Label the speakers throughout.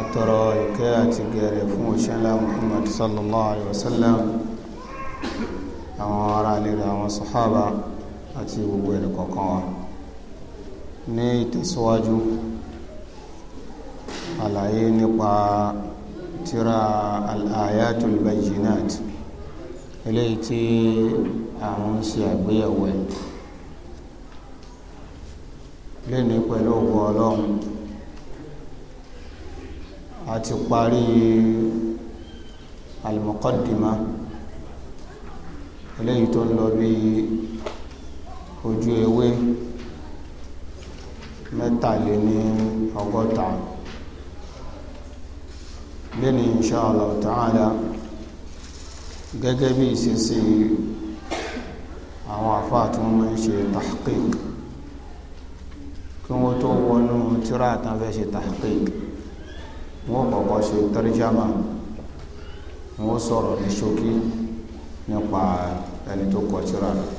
Speaker 1: atọrọ ìkẹ́ àti gẹ̀rẹ̀ fún òṣèlá muhammad sallallahu alayhi wa sallam àwọn ará ilé àwọn sàhábà àti gbogbo ẹni kọ̀ọ̀kan wa ní ìtẹ̀síwájú àlàyé nípa tírà al bayyinat eléyìí tí àwọn ṣe àgbéyẹ̀wò ẹ̀ lẹ́nu pẹ̀lú ògbọ́ ọlọ́run a ti parí al-muqaddima eléyìí tó ń lọ bí ojú ewé mẹ́tàléní ọgọ́ta lẹ́ni insha Allah ta'ala gẹ́gẹ́ bí ìṣesí àwọn àfáà tí wọ́n ń ṣe tahqiq kí wọ́n tó wọnú tírà tán ṣe tahqiq wọ́n kọ́kọ́ ṣe tọ́ríjàmà wọ́n sọ̀rọ̀ ní ṣókí nípa ẹni tó kọ tírà rẹ̀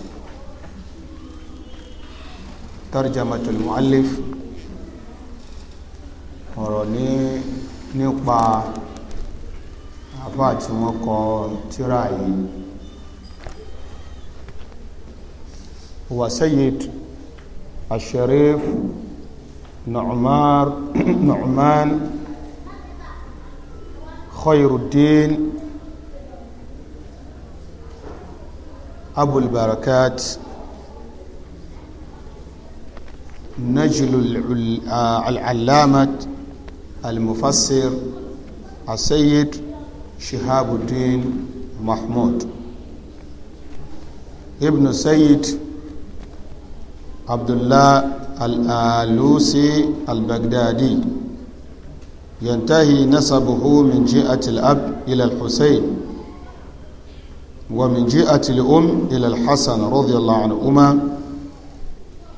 Speaker 1: tarjamatul muallif ọ̀rọ̀ ní nípa àbá tí wọ́n kọ tírà yìí wa sayyid asherif nu'man خير الدين أبو البركات نجل آه، العلامة المفسر السيد شهاب الدين محمود ابن سيد عبد الله الآلوسي آه، البغدادي ينتهي نسبه من جهة الأب إلى الحسين ومن جهة الأم إلى الحسن رضي الله عنهما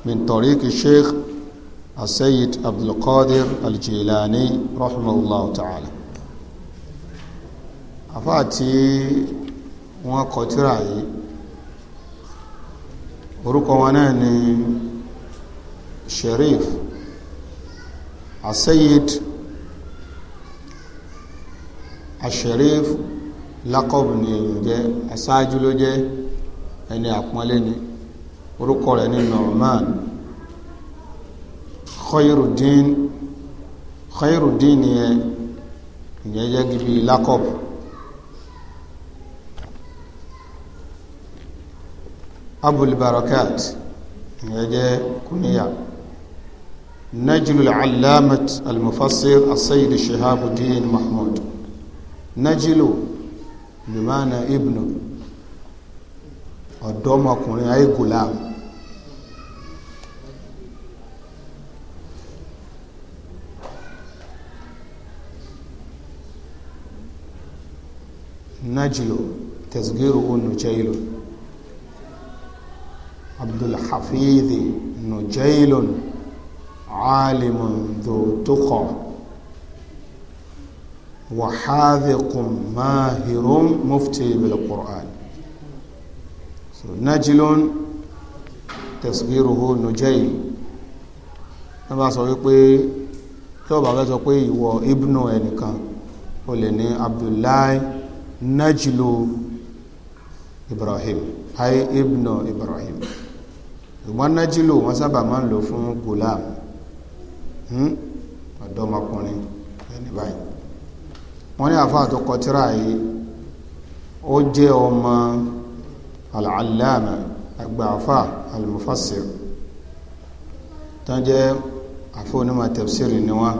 Speaker 1: من طريق الشيخ السيد عبد القادر الجيلاني رحمه الله تعالى أفاتي وقترعي ورقواناني شريف السيد asherif lakọbù ni èèyàn jẹ́ aṣáájú ló jẹ́ ẹni àpọ́nlé ni orúkọ rẹ̀ ní norman khairuddin khairuddin yẹn ìyẹn jẹ́ gíbi lakọbù abulbarakat ìyẹn jẹ́ kúníyà najlul alamat almufassir asayid shihabuddin mahmud nájílò bimana ibnu ọ̀dọ́mọkùnrin ayégulam najlo tasgiru nujailu abdulhafidhi nujailun alimun dhu tuqa وحاذق ماهر مفتي بالقرآن so, نجل تصغيره نجيل nígbà sọ wípé tí ọba fẹ́ sọ pé ìwọ ibnu ẹnìkan o lè ní abdullahi najlu ibrahim ayé ibnu ibrahim ìwọ́n najlu wọ́n sábà máa ń lò fún gulam hmm? ọ̀dọ́mọkùnrin ẹni báyìí wọ́n ní àfáà tó kọtíra yìí ó jẹ́ ọmọ alàlámà agbàfà almufassir tán jẹ́ àfọ́nímọ̀ tafsiri ni wọ́n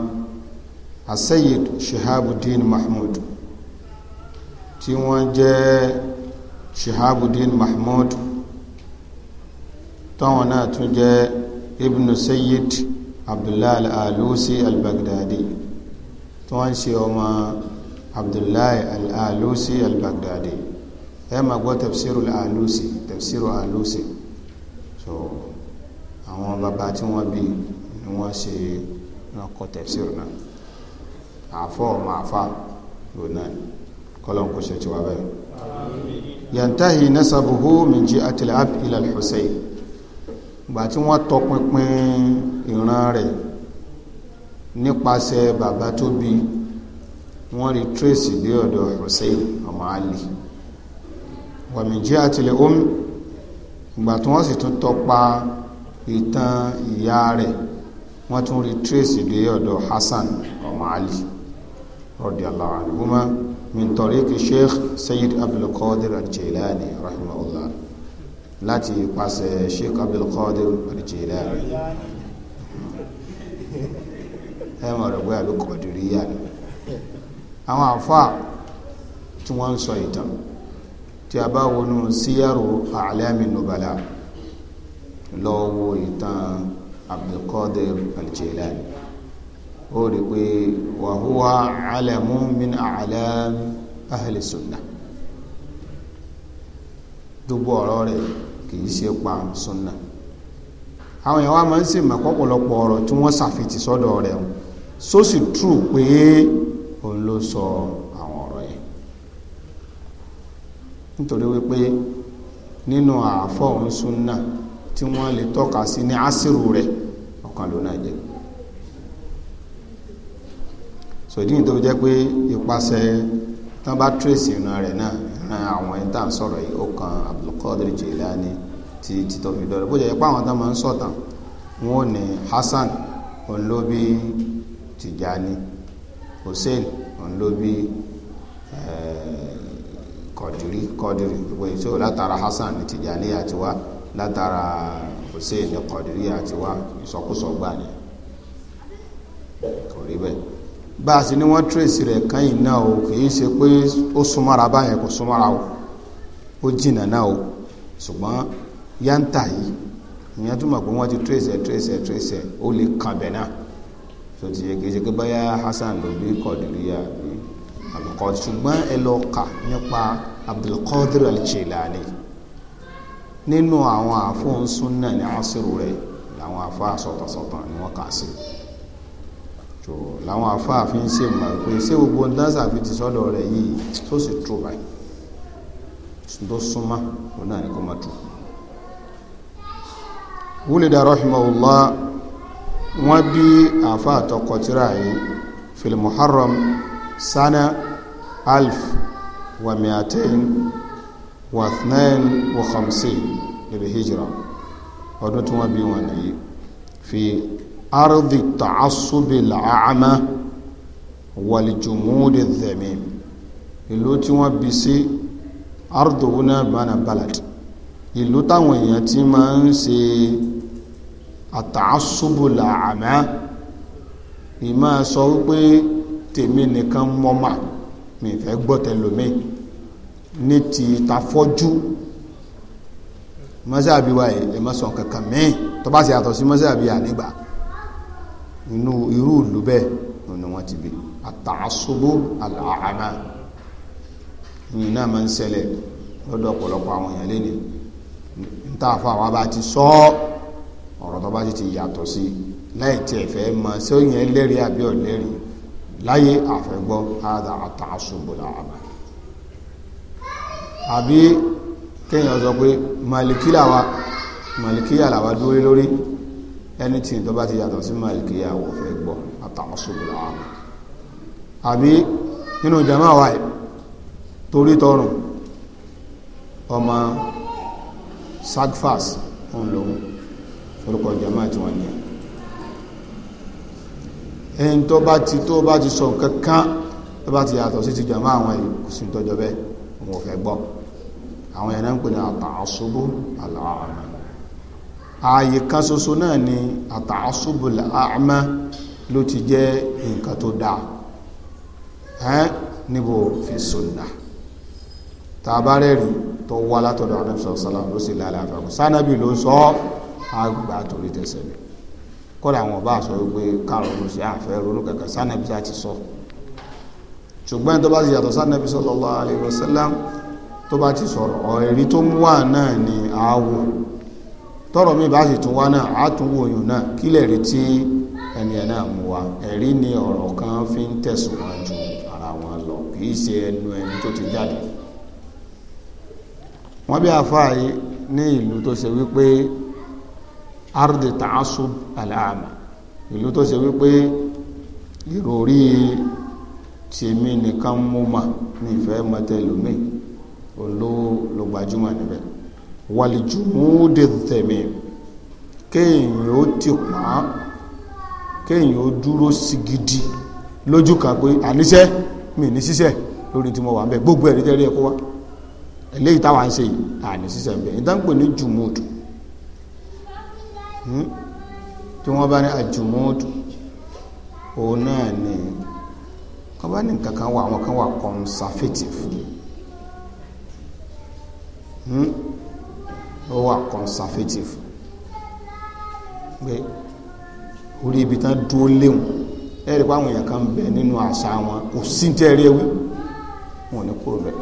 Speaker 1: asayid shihabuddin mahmud tí wọ́n jẹ́ shihabuddin mahmud táwọn náà tún jẹ́ ibn sayyid abdullahi al al-baghdadi tí ń ṣe ọmọ abdullahi al-alusi al-baghdadi ẹ máa gbọ́ tafsiru al-alusi tafsiru al-alusi so àwọn bàbá tí wọ́n bí ni wọ́n ṣe wọ́n kọ tafsiru náà àfọ́ ọmọ àfá lòun náà kọ́lọ́n kò ṣe ti wá bẹ́ẹ̀. yantahi nasabuhu min ji'ati al-ab ila husayn gbà tí wọ́n tọpinpin ìran rẹ̀ nípasẹ̀ bàbá tó bí i wọ́n rí tracy dé ọ̀dọ̀ hussein ọmọ ali wàmíjí àtìlẹ̀ omi ìgbà tí wọ́n sì tún tọpa ìtàn ìyá rẹ̀ wọ́n tún rí tracy dé ọ̀dọ̀ hasan ọmọ ali radiyallahu anhuma min tariqi sheikh sayyid abdulkadir al-jilani rahimahullah láti ipasẹ̀ sheikh abdulkadir al-jilani rẹ̀ bóyá ló kọ̀ọ̀dù rí yára àwọn àfáà tí wọ́n ń sọ ìtàn tí a bá wọnú síyàrò àlẹ́mì nùbàlà lọ́wọ́ ìtàn Abdulkadir Al-Jilani ó rí pé wàhúwà alẹ́mú min a'lam ahli sunnah gbogbo ọ̀rọ̀ rẹ̀ kì í ṣe pa sunna àwọn èèyàn wa máa ń sèmọ̀ pọ̀pọ̀lọpọ̀ ọ̀rọ̀ tí wọ́n ṣàfitì sọ́dọ̀ rẹ̀ sósì true pé. ló sọ àwọn ọ̀rọ̀ yẹn nítorí wípé nínú àáfọ̀ òun súnà tí wọ́n lè tọ́ka sí ní àsìrù rẹ̀ ọ̀kan ló náà jẹ́ sòdí ní tó jẹ́ pé ipasẹ̀ tán bá tracy ìran rẹ̀ náà ìran àwọn ẹni tá à ń sọ̀rọ̀ yìí ó kan Abdulkadir Jilani ti títọ́ fi dọ́rọ̀ bó jẹ́ pé àwọn tán máa ń sọ̀tàn wọn ò ní Hasan olóbi Tijani Hussein òun ló bí kọdiri eh, kọdiri gbogbo èso látara Hasan ní Tijani àti wa látara Hussein ní kọdiri àti wa ìsọkúsọ gbà ni kò rí bẹ́ẹ̀ bá a sì ní wọ́n tírèsì rẹ̀ kẹ́yìn náà o kì í ṣe pé ó súnmọ́ra báyẹn kò súnmọ́ra o ó jìnnà náà o ṣùgbọ́n yáǹtà yìí ìyẹn túmọ̀ pé wọ́n ti tírèsì ẹ̀ tírèsì ẹ̀ tírèsì ẹ̀ ó lè kan bẹ̀ náà tó ti yẹ kì í ṣe pé báyà Hasan ló bí Kọ̀dìríyà bí Abdulkadir ṣùgbọ́n ẹ lọ kà nípa Abdulkadir al-Jilani nínú àwọn àfọ̀nsún náà ní àṣírò rẹ̀ làwọn afá sọ̀tọ̀sọ̀tọ̀ ni wọ́n kà sí tó làwọn afá fi ń ṣe mọ̀ pé ṣé gbogbo dáńsà fi ti sọ́dọ̀ rẹ̀ yìí tó sì tó báyìí tó súnmọ́ òun náà ni kò má tó. wúlẹ̀ dà rahimahullah wọ́n bí àfa àtọkọtìrà yìí fil muharram sana alf wa miatain wa thnain wa khamsin lil hijra ọdún tí wọ́n bí wọn nìyí fi ardi ta'asubi la'ama wal jumudi dhamim ìlú tí wọ́n bí sí ardu una bana balad ìlú táwọn èèyàn ti máa ń ṣe àtàásùbùlà àmá ìmá sọ wípé tèmi nìkan mọ́mà mi fẹ́ gbọ́tẹ̀lómi ní ti tafọ́jú mọ́sáàbí wa ẹ̀ mọ́sàn kankan mẹ́ẹ̀ tó bá sì yàtọ̀ sí mọ́sáàbí ànígbà inú irú ìlú bẹ́ẹ̀ ni wọ́n ti bí àtàásùbù àlàáhàmá yìí náà máa ń ṣẹlẹ̀ lọ́dọ̀ ọ̀pọ̀lọpọ̀ àwọn èèyàn lé ní ní tá a ti sọ ọ́ ọ̀rọ̀ tó bá ti ti yàtọ̀ sí láì tí ẹ̀fẹ́ mọ sí ó yẹn lẹ́rìí àbí ọ̀lẹ́rìí láyé àfẹ́gbọ́ àdá àtàṣùbọ̀lá àbá àbí kéèyàn sọ pé màlìkí làwa màlìkí àlàwà dúró lórí ẹni tí tó bá ti yàtọ̀ sí màlìkí àwọ̀ fẹ́ gbọ́ àtàṣùbọ̀lá àbá àbí nínú jama wa torí tọrùn ọmọ sagfas òun lòun orúkọ jama tí wọ́n ní ẹni tó bá ti tó bá ti sọ nǹkan kan tó bá ti yàtọ̀ sí ti jama àwọn yìí kò sí tọ́jọ́ bẹ́ẹ̀ òun ò fẹ́ gbọ́ àwọn ẹ̀rẹ́ ń pè ní àtàṣubú àlàáhàmà ààyè kan ṣoṣo náà ni àtàṣubú àlàáhàmà ló ti jẹ́ nǹkan tó dáa ẹ́ níbo fi sunna tàbárẹ̀rì tó wá látọ̀dọ̀ àdàbìsọ̀ sálàmù ló sì lálàáfẹ́ sánàbì ló sọ ọ́ á gbà torí tẹsẹ̀ ni kọ́lá àwọn ọba àṣọ wípé káàrọ̀ ló ṣe àfẹ́ ronú kankan sanabi ṣáà ti sọ ṣùgbọ́n tó bá ti yàtọ̀ sanabi sallallahu alaihi wasallam tó bá ti sọ̀rọ̀ ọ̀rẹ́rí tó mú wà náà ni àáwò tọ́rọ̀ mi bá sì tún wá náà àtúnwò yùn náà kí lè rí tí ẹni ẹ̀ náà mú wa ẹ̀rí ni ọ̀rọ̀ kan fi ń tẹ̀síwájú ara wọn lọ kì ṣe ẹnu ẹni tó ti jáde wọ́n bí àfáà ní ìlú tó ṣe wípé ardi ta'asub al'ama ìlú tó ṣe wípé ìròrí tèmi nìkan mú ma ní ìfẹ́ mọ́tẹ́lómi ló gbajúmọ̀ níbẹ̀ wàlìjùmúdè tẹ̀mí kéèyàn ó ti pàá kéèyàn ó dúró sigidi lójú kan pé àníṣẹ́ mi ní ṣiṣẹ́ lórí tí mo wà ń bẹ gbogbo ẹ̀rí tẹ́rí ẹ̀kọ́ wa eléyìí táwa ń ṣe yìí ń bẹ ìtàn ní jùmúdù Hmm? tí wọ́n bá ní àjùmọ́ọ̀dù òun náà ni wọ́n bá ní nǹkan kan wà àwọn kan wà conservative hmm? ó wà conservative pé orí ibi tán dúró léwu ẹ̀rí pé àwọn èèyàn kan bẹ nínú àṣà wọn kò sí tẹ́ ẹ̀rí wọn ò kúrò bẹ̀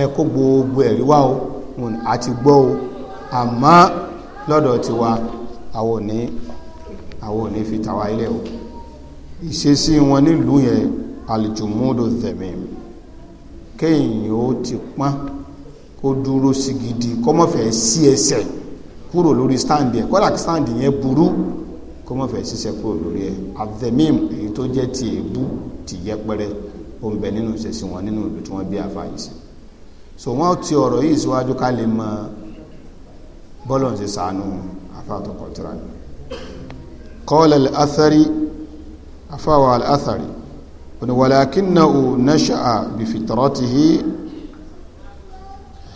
Speaker 1: ẹ kó gbogbo ẹ̀rí o wọn àti gbọ́ o àmọ́ lọ́dọ̀ tiwa àwọn òní àwọn òní fi tàwa ilẹ̀ o ìṣesí wọn nílùú yẹn alìjùmúdò tẹ̀mí kéèyàn ó ti pọ́n kó dúró sí gidi kọ́mọ̀fẹ́ sí ẹsẹ̀ kúrò lórí stáǹdì ẹ̀ kọ́dà stáǹdì yẹn burú kọ́mọ̀fẹ́ sísẹ̀ kúrò lórí ẹ̀ àtẹ̀mím èyí tó jẹ́ ti èébú ti yẹpẹrẹ ó ń bẹ nínú ìṣesí wọn nínú ìlú tí wọ́n bí àfàyè so wọ́n ti ọ̀rọ̀ yìí síwájú ká lè mọ bọ́lọ̀ ti sànú afáàtọ̀kọ̀ tíra ni kọ́lẹ̀ al'athari afáwà al'athari wani walakin na o na sha'a bi fitaratihi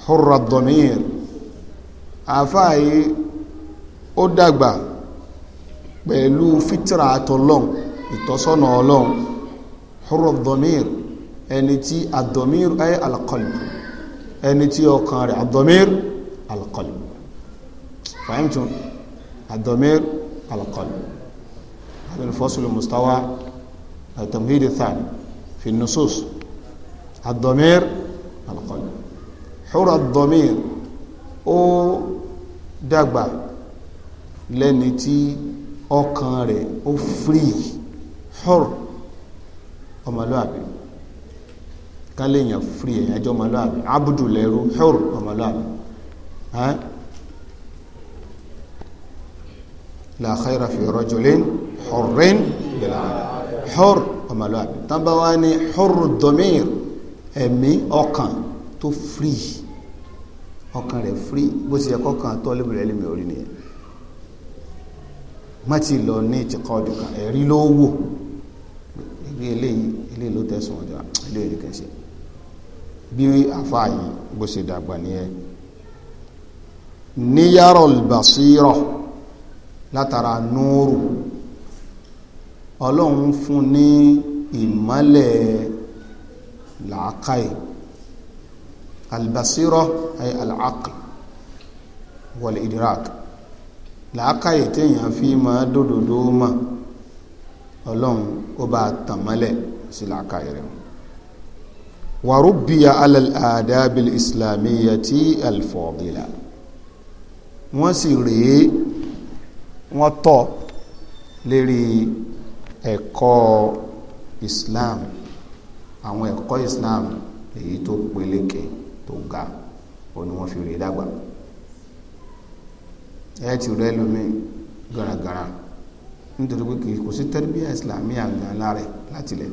Speaker 1: hurra domir afáàyí ó dàgbà pẹ̀lú fitira àtọ̀lọ́n ìtọ́sọ́nà ọlọ́run hurra domir ẹni tí àdọ̀mír ayé alkọlù ẹni tí ọkàn rẹ̀ àdọ̀mír alkọlù فهمتم الضمير القلب هذا الفصل المستوى التمهيد الثاني في النصوص الضمير القلب حر الضمير ó dàgbà lẹ́ni tí ọkàn rẹ̀ ó fírí hur ọmọlúàbí ká lè yàn fírí ẹ̀yàjọ́ ọmọlúàbí abdul ẹrú hur ọmọlúàbí la khayra fi rajulin hurrin gbẹ̀lára hur ọmọlúwàbí tán bá wá ní hurru domir ẹ̀mí ọkàn tó free ọkàn rẹ̀ free bó ti yẹ kọ́kàn tó lébùrẹ̀ lèmi orí nìyẹn má ti lọ ní ìtìkọ́dù kan ẹ̀rí ló wò ilé eléyìí ilé ló tẹ̀sán ọjà ilé ìlú kẹsì bí àfa yìí bó ṣe dàgbà nìyẹn níyàrá basira látara núrù ọlọ́run fún ní ìmọ́lẹ̀ làákàyè albasirọ ay al'aql wal idrak làákàyè téèyàn fi máa dòdòdó mà ọlọ́run ó bá tàn mọ́lẹ̀ sí làákàyè rẹ̀ wa rubbiya ala islamiyyati al wọ́n sì rèé wọ́n tọ́ lérí ẹ̀kọ́ Islam àwọn ẹ̀kọ́ Islam èyí tó peléke tó ga ó ní wọ́n fi rí dàgbà ẹ ti rẹ lómi garagara nítorí pé kì í kò sí tẹ́rìbíà islamiyà gan lára láti lẹ̀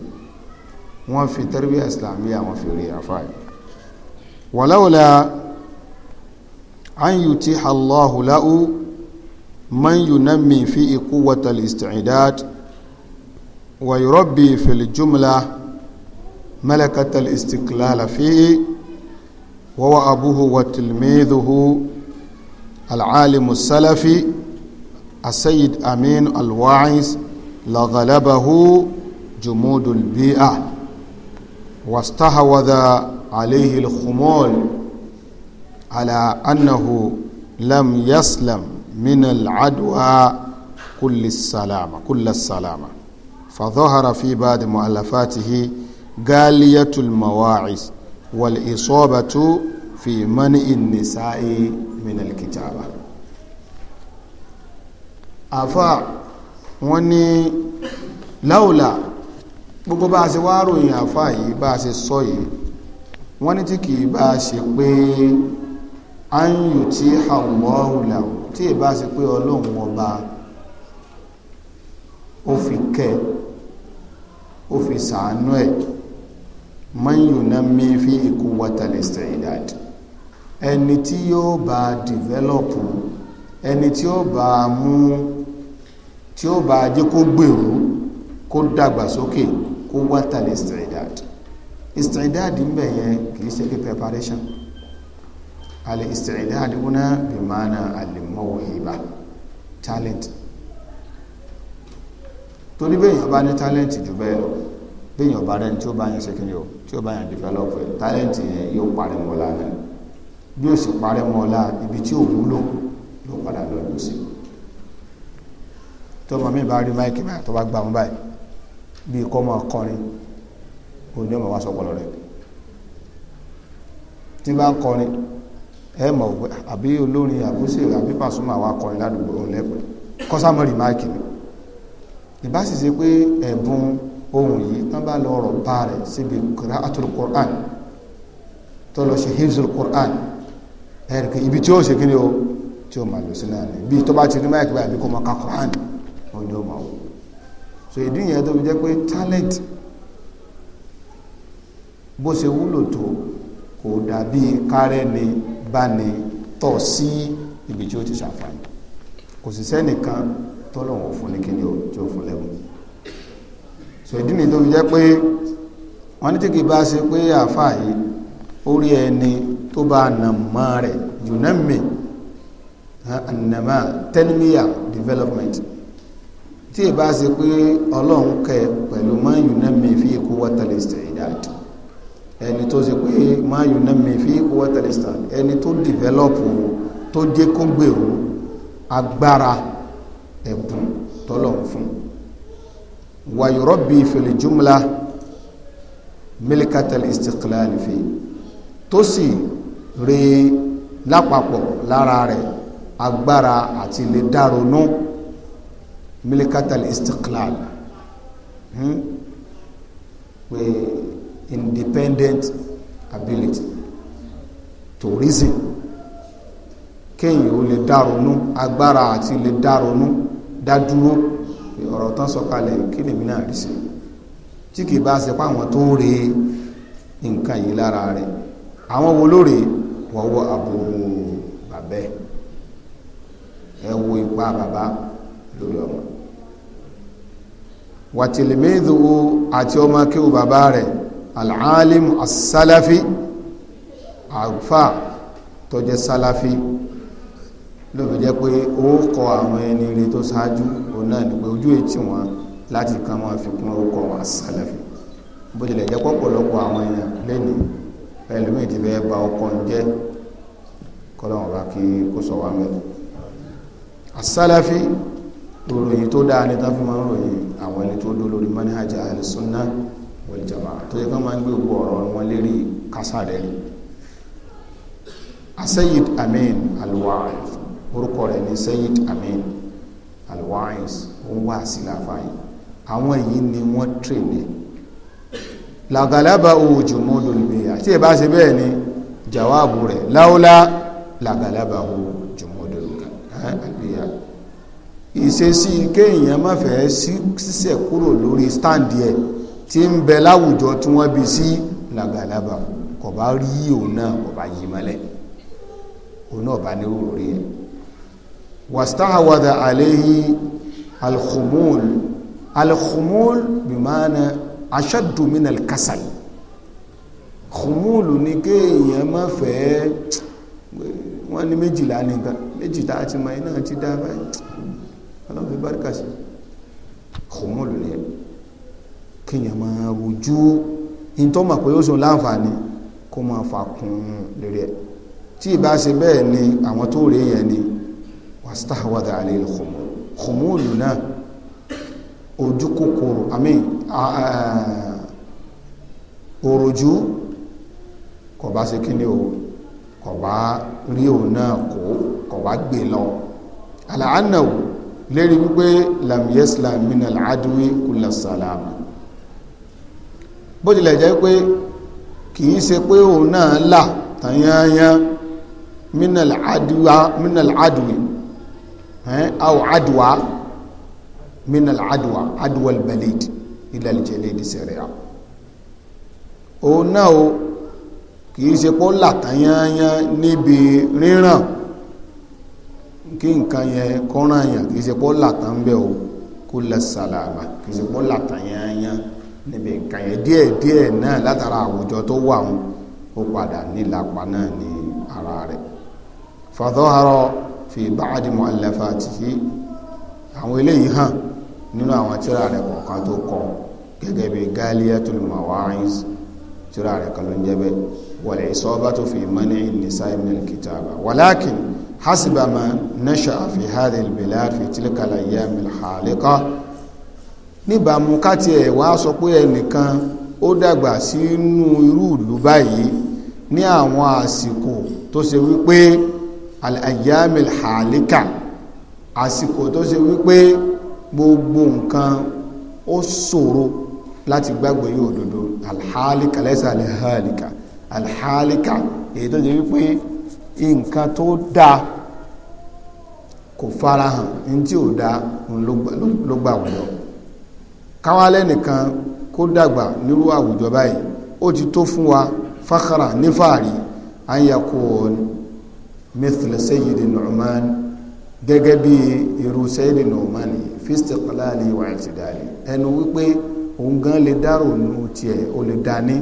Speaker 1: wọ́n fi tẹ́rìbíà islamiyà wọ́n fi rí àfa yìí wàláwòlá an yutiha Allahu lahu من ينمي فيه قوة الاستعداد ويربي في الجملة ملكة الاستقلال فيه وهو أبوه وتلميذه العالم السلفي السيد أمين الواعز لغلبه جمود البيئة واستحوذ عليه الخمول على أنه لم يسلم من العدوى كل السلامة كل السلامة فظهر في بعض مؤلفاته غالية المواعظ والإصابة في منع النساء من الكتابة أفا وني لولا gbogbo bá a ṣe wá ròyìn àfa yìí bá a ṣe sọ yìí wọ́n ní tí kì í bá a ṣe pé an yutiha Allahu lahu tí ìbá ṣe pé ọlọ́run ọba ó fi kẹ́ ó fi sàánú ẹ̀ man yunammi fi quwwatal istidad ẹni tí yóò bá dìvẹ́lọ́pù ẹni tí ó bá mú tí ó bá jẹ́ kó gbèrú kó dàgbàsókè quwwatal istidad istidad ń bẹ yẹn kì í ṣe pé preparation al-isti'dad huna bi ma'na al-mawhiba talent torí béèyàn bá ní talent jù bẹ́ẹ̀ lọ béèyàn bá rẹ́ni tí ó bá yẹn ṣe kíni o tí ó bá yẹn develop ẹ̀ talent yẹn yóò parí mọ́lá náà bí ó sì parí mọ́lá ibi tí ò wúlò ló padà lọ lọ sí tọmọ mi bá rí máìkì báyìí tó bá gbà wọn báyìí bí kò máa kọrin òun ni ó máa wá sọpọlọ rẹ tí bá ń kọrin ẹ mọ̀ òwe àbí olórin àbúṣèrè àbí pàṣùmọ̀ àwọn akọrin ládùúgbò òun lẹ́pẹ́ kọ́sámọ́rì máìkì ni ìbá sì ṣe pé ohun yìí tán bá lọ ọ̀rọ̀ bá rẹ̀ síbi qira'atul Qur'an tó lọ ṣe hifzul Qur'an ibi tí ó ṣe o tí ó máa lò sí náà ni bí tó bá ti rí máìkì báyìí kó máa ka so ìdí yẹn tó fi talent bó ṣe wúlò tó kò dàbí kárẹ́ bá ní tọ̀ sí ibi tí ó ti ṣàǹfààní kò sì sẹ́nìkan tọ́lọ̀wọ̀n fún ní kíni tí ó fún lẹ́wọ̀n so ìdí nìyí tó fi jẹ́ pé wọ́n ní tí bá ṣe pé àáfàá yìí ó rí ẹni tó bá nà mọ́ rẹ̀ yunami anamá tẹnumíyà development tí ì bá ṣe pé ọlọ́run kẹ pẹ̀lú mọ́ yunami fi kú wọ́tàlẹ́sì ìdáàdì ẹni tó ṣe pé mayu nami fi kúwẹ́ tẹ̀lẹ́sítà ẹni tó dìvẹ́lọ́pù tó jẹ́ kó gbèrú agbára ẹ̀bùn tọ́lọ̀ fún wàyọ̀rọ̀ bíi fil jumla milikatal istiklal fi tó sì re lápapọ̀ lára rẹ̀ agbára àti lè dáronú milikatal istiklal hmm? pé independent ability to reason kéèyàn ó lè dáronú agbára àti lè dáronú dádúró ọ̀rọ̀ tán sọ̀kalẹ̀ kí lèmi náà rí sí tí kì bá ṣe páwọn tó re nǹkan yìí lára rẹ̀ àwọn wo lóore wọ́n àbúrò bàbẹ́ ẹ wo ipa bàbá lórí ọmọ wàtìlímẹ́dùn àti ọmọ kéwù bàbá rẹ̀ al'alim as-salafi àfà tó jẹ́ salafi lóbi jẹ́ pé ó kọ àwọn ẹni rí tó ṣáájú òun náà ni pé ojú ètí wọn láti kan máa fi kún orúkọ wọn as-salafi bó tilẹ̀ jẹ́ pọ̀pọ̀lọpọ̀ àwọn èèyàn lẹ́nu ẹlòmíì ti fẹ́ ba ọkọ̀ ń jẹ́ kọ́lọ́wọ́n bá kí kó sọ wá mẹ́rin as-salafi tó dáa ní tá fi máa ròyìn àwọn ẹni tó dó lórí manhaj al-sunnah wal jamaa tó yẹ kí wọ́n máa ń gbé gbogbo ọ̀rọ̀ wọn lérí kásáré ni asayid amin alwa'is orúkọ rẹ̀ ní sayid amin alwa'is ó ń wá síláfàáyé àwọn yìí ni wọ́n tìrìnì làgàlábà òòjò mọ́dọ̀lùmíyà tí ẹ bá ṣe bẹ́ẹ̀ ni jàwáàbù rẹ̀ láúlá làgàlábà òòjò mọ́dọ̀lùmíyà ìṣesí kéèyàn má fẹ́ sísẹ̀ kúrò lórí stáǹdì ẹ̀ tí ń bẹ láwùjọ tí wọ́n bí sí làgàlàbà kò bá rí òun náà kò bá yí mọ́lẹ̀ òun náà bá ní òrò rí ẹ̀ wàstáhàwàdà àléhì alkhumul alkhumul bí máa na ashaddu min alkasal khumul kéèyàn má fẹ́ wọ́n ní méjìlá nìkan méjìlá àti mọ̀ iná ti dá báyìí ọlọ́run fi báríkà sí khumul ní ẹ̀ kéèyàn máa rojú in tó mọ̀ pé ó sùn láǹfààní kó máa fà kún lórí ẹ̀ tí ìbá ṣe bẹ́ẹ̀ ni àwọn tó rí yẹn ni wàstáwàdà alẹ́ ìlúkùnmù kùmùlù náà ojú kòkòrò àmì òròjú kò bá ṣe kíni o kò bá rí òun náà kó kò bá gbé lọ àlàánà lérí wípé lam yaslam min al-adwi bó tilẹ̀ jẹ́ pé kì í ṣe pé òun náà là tàyányán minal adwa minal adwi aw adwa minal adwa adwa albalid ila aljalid sari'a òun náà o kì í ṣe pé là tàyányán níbi ríràn kí nǹkan yẹn kọ́ràn yàn kì í ṣe pé là tàn bẹ́ o kulla salama kì níbi nǹkan yẹn díẹ̀ díẹ̀ náà látara àwùjọ tó wà wọn ó padà nílapa náà ní ara rẹ̀ fàtọ́hárọ̀ fi báàdì mu'allafatihi àwọn eléyìí hàn nínú àwọn tíra rẹ̀ kọ̀ọ̀kan tó kọ gẹ́gẹ́ bí Galiyatul Mawa'iz tíra rẹ̀ kan ló ń jẹ́ bẹ́ẹ̀ wal Isabatu fi man'i nisa'i min al-kitaba walakin hasibama nasha'a fi hadhihi fi tilka al-ayyam níbàámu káti ẹ̀ wá sọ pé ẹnìkan ó dàgbà sínú irú ìlú báyìí ní àwọn àsìkò tó ṣe wípé al-ayyamil halika àsìkò tó ṣe wípé gbogbo nǹkan ó ṣòro láti gbàgbọ́ yóò dodo alhalika lẹ́sà alhalika alhalika èyí tó jẹ́ wípé nǹkan tó dáa kò farahàn ní tí ò dáa ló gbà wọ́n lọ káwálẹ̀ nìkan kó dàgbà nírú àwùjọ báyìí ó ti tó fún wa fákàrà nífàárí àyàkó mithla sayyidi Nu'man gẹ́gẹ́ bí irú sayyidi Nu'man fistiqlali wa i'tidali ẹnu wípé òun gan lè dárò nù tiẹ̀ ó lè dání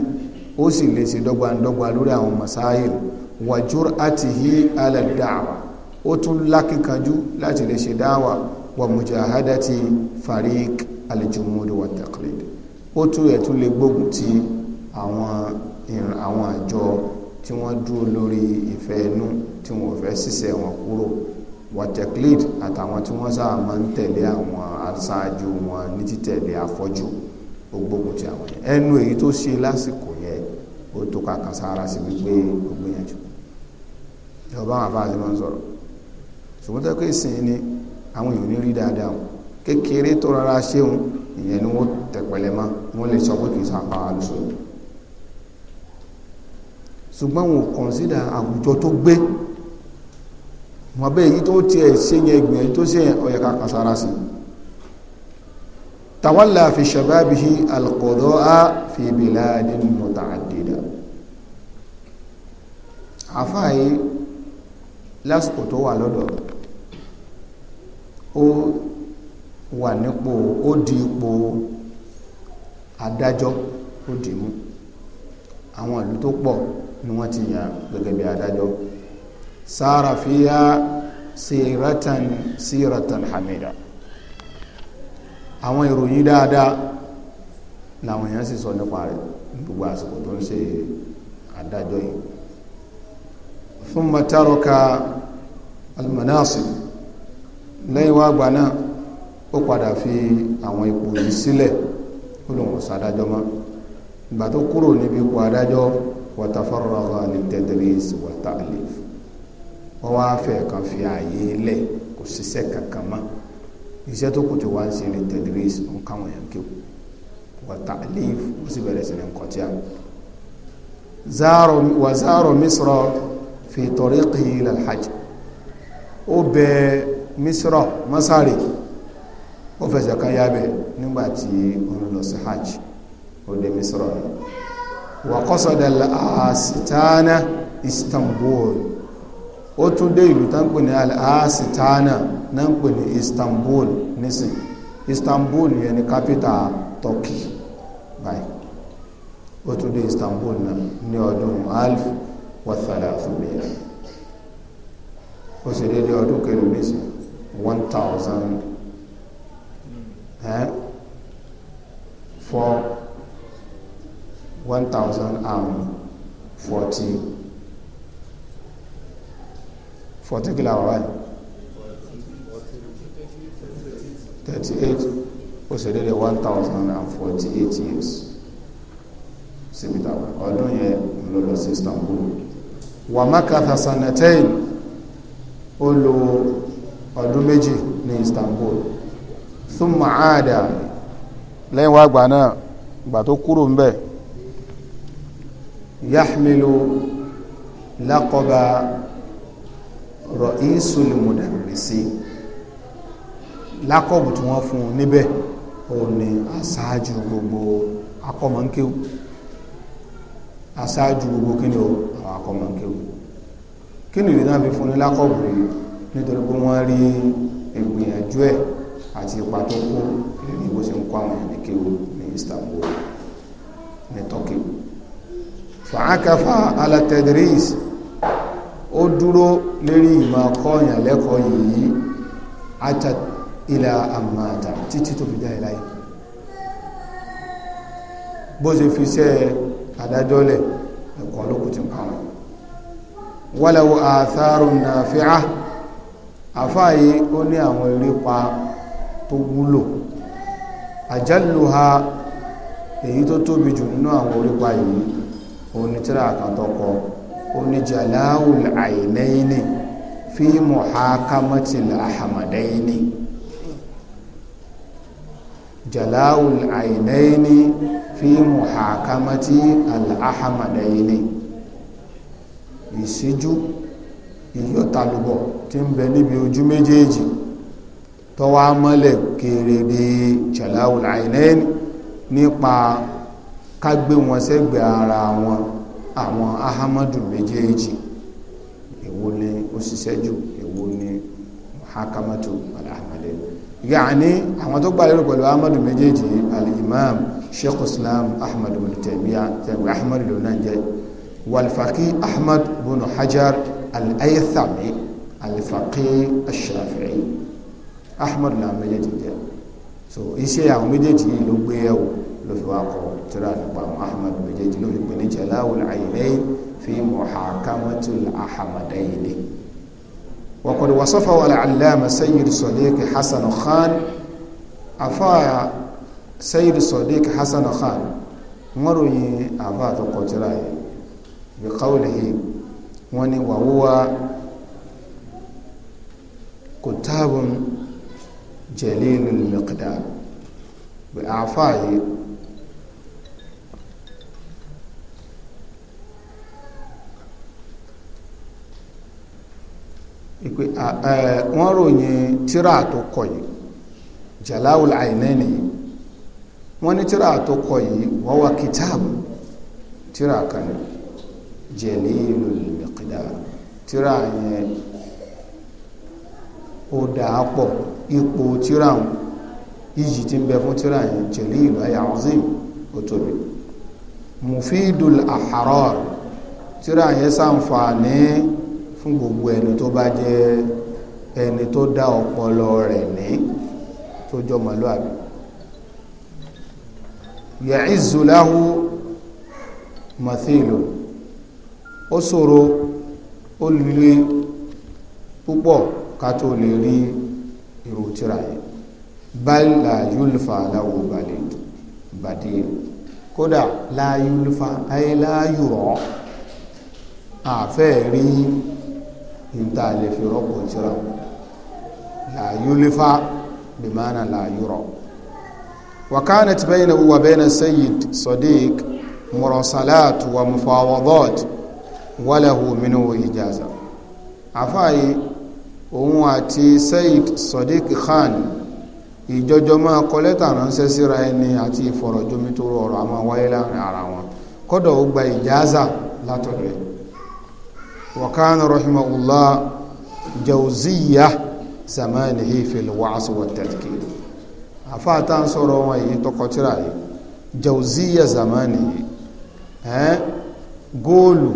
Speaker 1: ó sì lè ṣe dọ́gbandọ́gba lórí àwọn masáyìn wa jur'atihi ala da'wa ó tún lákìkanjú láti lè ṣe dáwà wa mujahadati fariq alijumudu wa taqlid ó tún ẹ̀ tún lè gbógun ti àwọn àwọn àjọ tí wọ́n dúró lórí ìfẹ́ inú tí wọ́n fẹ́ ṣiṣẹ́ wọn kúrò wa taqlid àtàwọn tí wọ́n sáà máa ń tẹ̀lé àwọn aṣáájú wọn ní títẹ̀lé afọ́jú ó gbógun ti àwọn yẹn ẹnu èyí tó ṣe lásìkò yẹn ó tó ká sára sí wípé ó gbìyànjú ìjọba ṣùgbọ́n tẹ́kọ̀ ìsìn ni àwọn èèyàn ní rí dáadáa wọn kékeré tó rárá ṣéun ìyẹn ni wọ́n tẹ̀pẹ̀lẹ̀ mọ́ wọ́n lè sọ pé kì í sàpá àlùsùn ṣùgbọ́n wọn ò kọ̀nsídà àwùjọ tó gbé wọn bẹ́ẹ̀ yí tó tiẹ̀ ṣe yẹn gbìyànjú tó ṣe ọ̀yẹ̀ ká kàsára sí tawalla fi shababihi alqadaa fi biladin muta'addida àfáàyè lásìkò tó wà lọ́dọ̀ ó wà nípò ó di ipò adájọ́ ó dì mú àwọn ìlú tó pọ̀ ni wọ́n ti yàn gẹ́gẹ́ bí adájọ́ sára fi yá síratan síratan hamida àwọn ìròyìn dáadáa làwọn èèyàn sì sọ nípa rẹ̀ gbogbo àsìkò tó ń ṣe adájọ́ yìí fún matarọ́ka almanasi lẹ́yìn wá gbà náà ó padà fi àwọn ipò yìí sílẹ̀ ó lòun ọ̀sán adájọ́ mọ́ ìgbà tó kúrò níbi ipò adájọ́ wàtàfọ́rọ̀rọ̀ ní tadris wa ta'lif wọ́n wá fẹ́ kan fi ààyè lẹ̀ kò ṣiṣẹ́ kankan mọ́ iṣẹ́ tó kù tí wọ́n á ṣe ní ń káwọn èèyàn kéwù wa ó sì bẹ̀rẹ̀ sí ní kọtíà wa zaro misra fi tariqihi ila al ó bẹ misra masari ó fẹsẹ̀ kan yábẹ̀ nígbà tí ó ń lọ sí hajj ó dé misra ni wà qasada al-asitana istanbul ó tún dé ìlú tá ń pè ní al-asitana náà ń pè ní istanbul nísìn istanbul yẹn ni kápítà turkey báyìí ó tún dé istanbul náà ní ọdún alf wa thalathumia ó sì dé dé ọdún kẹrin nísìn one thousand for 1,040, 40 and 38. forty kìlà wà báyìí thirty eight ó ṣe déédéé one thousand and forty eight years síbi táwọn ọdún yẹn ló lọ sí Istanbul wàmákàtà sanatain ó lò ọdún méjì ní Istanbul thumma aada lẹ́yìn wá gbà náà gbà tó kúrò ń bẹ̀ yahmilu laqaba ra'isul mudarrisin lákọ̀bù tí wọ́n fún un níbẹ̀ ó ní aṣáájú gbogbo akọ́mọ̀nkéwù aṣáájú gbogbo kí ni àwọn akọ́mọ̀nkéwù kí ìrìnà fi fún ní lákọ̀bù nítorí pé wọ́n rí ìgbìyànjú ẹ̀ àti ipa tó kó lórí bó ṣe ń kó àwọn èèyàn kéwò ní Istanbul ní Turkey fàákàfà alatedris ó dúró lérí ìmọ̀ kọ́ọ̀yàn lẹ́kọ̀ọ́ yìí àtà ilẹ̀ àmàdà títí tó fi dá ìláyé bó ṣe fi ṣe àdájọ́lẹ̀ ẹ̀kọ́ olókùn ti pàwọn walaw atharun nafi'ah àfáàyí ó ní àwọn erépa tó wúlò àjálùha èyí tó tóbi jù nínú àwọn orípa yìí òun ni tíra àkàtọkọ òun ni jàláwùl àìnẹ́yìnì fi muhakamatil ahamadẹ́yìnì jàláwùl àìnẹ́yìnì fi muhakamati al-ahamadẹ́yìnì ìyọ́talùbọ̀ tí ń bẹ níbi ojú méjèèjì tọ́wọ́ amọ́lẹ̀ kéré bí jalawul ainain nípa ká gbé wọn sẹ́gbẹ̀ ara wọn àwọn ahamadu méjèèjì èwo ni ó ṣiṣẹ́ jù èwo ni muhakamatu alhamadu yaani àwọn tó gbà lérò pẹ̀lú ahamadu méjèèjì al-imam sheikh islam ahmad bin taymiya tẹ̀wé ahmad náà jẹ́ walfaqi ahmad bin hajar al-aythami al-faqi ahmed làwọn méjèèjì jẹ́ so iṣẹ́ àwọn méjèèjì yìí ló gbé ẹ̀wò ló fi wá kọ tíra nípa àwọn ahmed méjèèjì ló fi pè ní jalawul aynayn fi muhakamatul ahmadayni وقد وصفه العلامة سيد صديق حسن خان أفا سيد صديق حسن خان مروي أفا تقتراي بقوله وني وهو كتاب جليل المقدار pé àáfà yìí ìpè wọ́n ròyìn tíra tó kọ yìí Jala'ul Ainani yìí wọ́n ní tíra tó kọ yìí wọ́n wá kìtáàbù tíra kan Jalilul Miqdar tíra yẹn ó dáa pọ̀ ipò tíra wọn yíyí ti ń bẹ fún tíra yẹn jẹ̀lí ìlú ayé azim ó tóbi mufidul ahrar tíra yẹn ṣàǹfààní fún gbogbo ẹni tó bá jẹ ẹni tó dá ọpọlọ rẹ̀ ní tó jọmọ lóàbí ya'izzu lahu mathilu ó ṣòro ó lè púpọ̀ ká tó lè rí irú tíra yẹn báyìí láyúlfà láwù balẹ̀ bàdé kódà láyúlfà ayé láyúrọ̀ àfẹ́ rí níta lè fi rọ́pò tíra láyúlfà bìmánà láyúrọ̀ وكانت بينه وبين السيد صديق مراسلات ومفاوضات وله منه إجازة عفاي òun àti Said Sodiq Khan ìjọjọ máa kọ lẹ́tà ránṣẹ́ síra ẹni àti ìfọ̀rọ̀jomi tó rọrọ̀ a máa wáyé láàrin ara wọn kọ́dọ̀ ó gba ìjáàzà látọ̀dọ̀ ẹ̀ wa kana rahimahullah jawziya zamanihi fil wa'as wa tadhkir àfáà tá ń sọ̀rọ̀ wọn èyí tọkọtìrà yìí jawziya zamanihi ẹ́ góòlù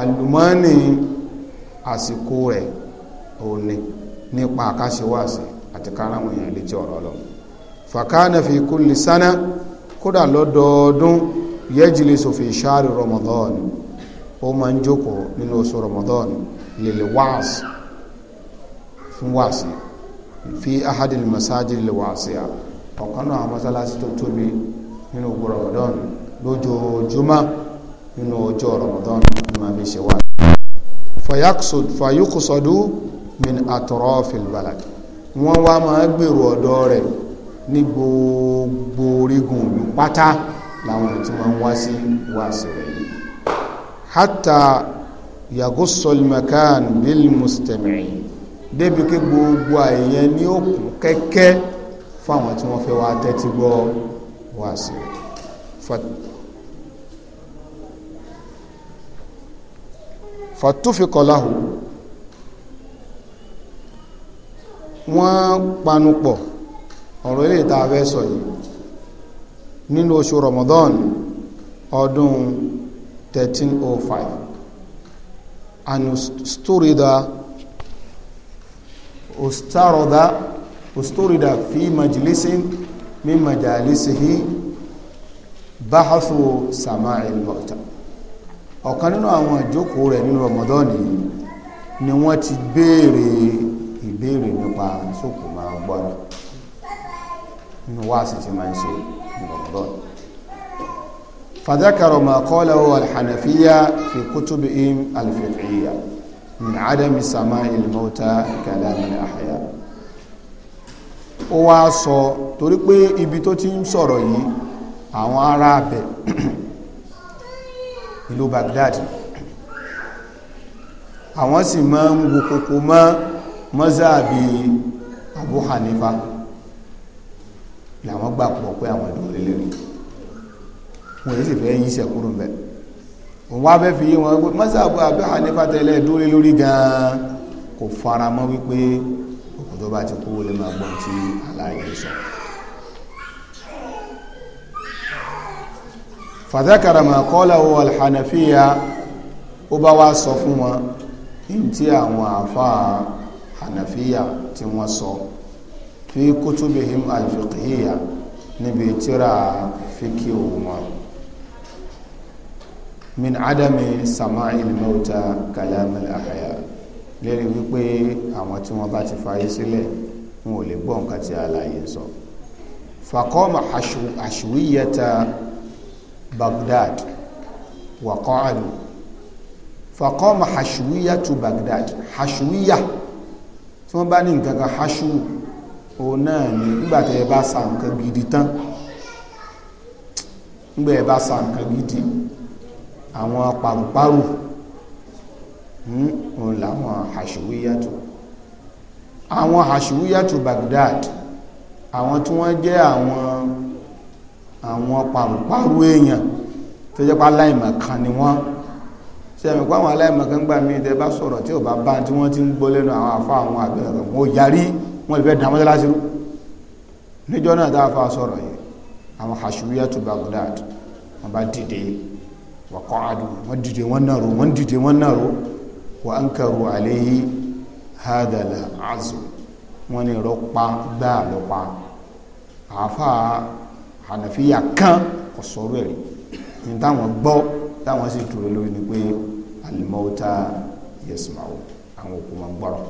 Speaker 1: àlùmánì àsìkò rẹ̀ òní nípa àkáṣewàṣì àti káráwọn èèyàn létí ọ̀rọ̀ lọ fàkánà fi kulli sánà kódà lọ́dọọdún yajlisu fi shahri Ramadan ó máa ń jókòó nínú oṣù Ramadan lil wáàs fún wáàsì fi ahadil masajid lil wasi'a ọ̀kan náà mọ́sálásí tó tóbi nínú gbọ́rọ̀ Ramadan lójoojúmọ́ nínú ọjọ́ Ramadan ni máa fi ṣe wá fayaksud fayukusadu min atrofil balad wọ́n wá máa gbèrò ọ̀dọ̀ rẹ̀ ní gbogbo orígun ìlú pátá làwọn ètò máa ń wá sí wáàsí rẹ̀ yìí hatta yagusol makan bil mustami'in débi pé gbogbo àìyẹn ní òkun kẹ́kẹ́ fáwọn tí wọ́n fẹ́ wá tẹ́tí gbọ́ wáàsí rẹ̀ fàtúfikọ̀láhù wọ́n panupọ̀ ọ̀rọ̀ ilé ìta abẹ́ sọ yìí nínú oṣù Ramadan ọdún 1305 anustorida ustaroda ustorida fi majalisin min majalisihi bahathu sama'il mu'tamar ọ̀kan nínú àwọn ìjókòó rẹ̀ nínú Ramadan ni wọ́n ti béèrè ìbéèrè nípa sókò máa ń gbọ́ nínú wáàsí tí máa ń ṣe ní Ramadan فذكر ما قاله الحنفية في كتبهم الفقهية من عدم سماع الموتى كلام الأحياء ó wá sọ torí pé ibi tó ti ń sọ̀rọ̀ yìí àwọn ará abẹ ìlú Baghdad àwọn sì máa ń wo kókó mọ́ mọ́sáàbí Abu Hanifa làwọn gbà pọ̀ pé àwọn ìlú orílẹ̀-èdè wọ́n yìí sì fẹ́ yí iṣẹ́ mẹ́ òun wá fẹ́ fi yé wọn pé mọ́sáàbí Abu Hanifa tẹ́lẹ̀ dúró lórí gan-an kò fara mọ́ wípé òkú tó bá ti kú ó lè máa gbọ́n tí aláàyè sọ. fàdákàrà mà kọ́lá wọ alhànàfíà ó bá wá sọ fún wọn ní tí àwọn àfáà hànàfíà tí wọ́n sọ fi kútùbìhìm alfiqhiyya níbi tíra fíkì wọn min adami sama'il mauta kalam al-ahya lérí wípé àwọn tí wọ́n bá ti fayé sílẹ̀ wọn ò lè gbọ́ nǹkan tí alààyè sọ fàkọ́mà àṣùwíyẹta baghdad waqa'u faqama hashuwiya tu baghdad hashuwiya tí wọ́n bá ní nǹkan kan hashu òun náà ni nígbà tẹ́ ẹ bá sa nǹkan gidi tán nígbà ẹ bá sa nǹkan gidi àwọn paru-paru hmm, òun làwọn hashuwiya tu àwọn hashuwiya tu baghdad àwọn tí wọ́n jẹ́ àwọn àwọn pàǹpàrú èèyàn tó jẹ́ pé aláìmọ̀kan ni wọ́n ṣe ẹ̀mí pé àwọn aláìmọ̀kan gbà mí tẹ́ bá sọ̀rọ̀ tí ò bá bá tí wọ́n ti ń gbọ́ lẹ́nu àwọn afá àwọn àgbẹ̀rẹ̀ wọn ò yarí wọn lè fẹ́ dá mọ́tẹ́lásí rú níjọ́ náà tá a fa sọ̀rọ̀ yìí àwọn hasuwiya tó Baghdad wọn bá dìde wọ́kọ́ adu wọ́n dìde wọ́n nàró wọ́n dìde wọ́n nàró wọ́n ankaru alayhi hadala azu wọ́n ní rọ́pa gbáà lọ́pa àáfàá hànàfíyà kan kò sọ̀rọ̀ ẹ̀rí ní táwọn gbọ́ táwọn sì dúró lórí ni pé alimọ́ta yẹsùmáwò àwọn òkú máa ń gbọ́rọ̀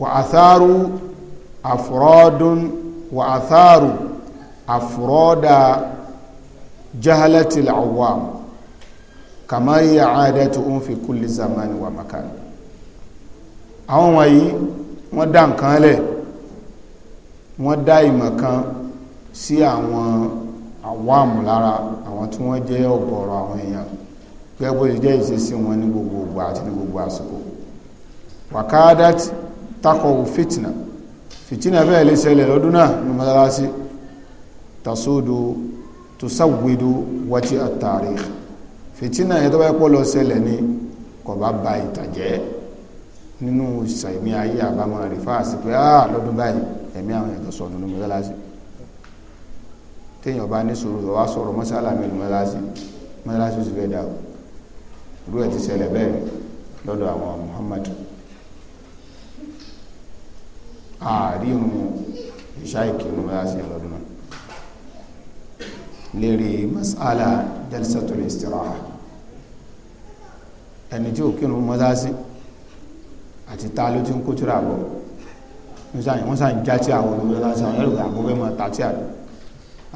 Speaker 1: wà àtharu àfúrọ́dún wà àtharu àfúrọ́dà jahalatil awam kàmá yí àádẹ́tù ń fi kulli zamani wà makan àwọn wọ̀nyí wọ́n dá nǹkan lẹ̀ wọ́n dá ìmọ̀ kan sí àwọn àwàmù lára àwọn tí wọ́n jẹ́ ọ̀gọ̀rọ̀ àwọn èèyàn gẹ́gẹ́ bó ṣe jẹ́ ìṣesí wọn ní gbogbo ògbà àti ní gbogbo àsìkò wàkádá takọ̀wò fìtìnà fìtìnà bẹ́ẹ̀ lè ṣẹlẹ̀ lọ́dún náà ní mọ́sálásí tasódo tusawwedu wájí àtàrí fìtìnà yẹn tó bá pọ̀ lọ ṣẹlẹ̀ ní kọ̀bá ba ìtàjẹ́ nínú ìsàmì ayé àbámọ́ rí fáàsì pé áà ah, lọ́dún báyìí ẹ̀mí àwọn èèyàn tó sọ̀nù ní mọ́sálásí téèyàn bá ní sùúrù wá sọ̀rọ̀ mọ́sálà mẹ́lú mọ́láṣí mọ́láṣí sì fẹ́ dà irú ẹ̀ ti ṣẹlẹ̀ bẹ́ẹ̀ lọ́dọ̀ àwọn Muhammad ààrínú ìṣáìkì ní mọ́láṣí lọ́dún náà lérí mọ́sálà jalsatul istiraha ẹni tí ò kírun mọ́láṣí àti tá ló ti ń kó tíra bọ̀ wọ́n sàn já tí àwọn olùmọ́láṣí àwọn ẹlòmíràn àbúgbẹ́mọ́ tàtí àdó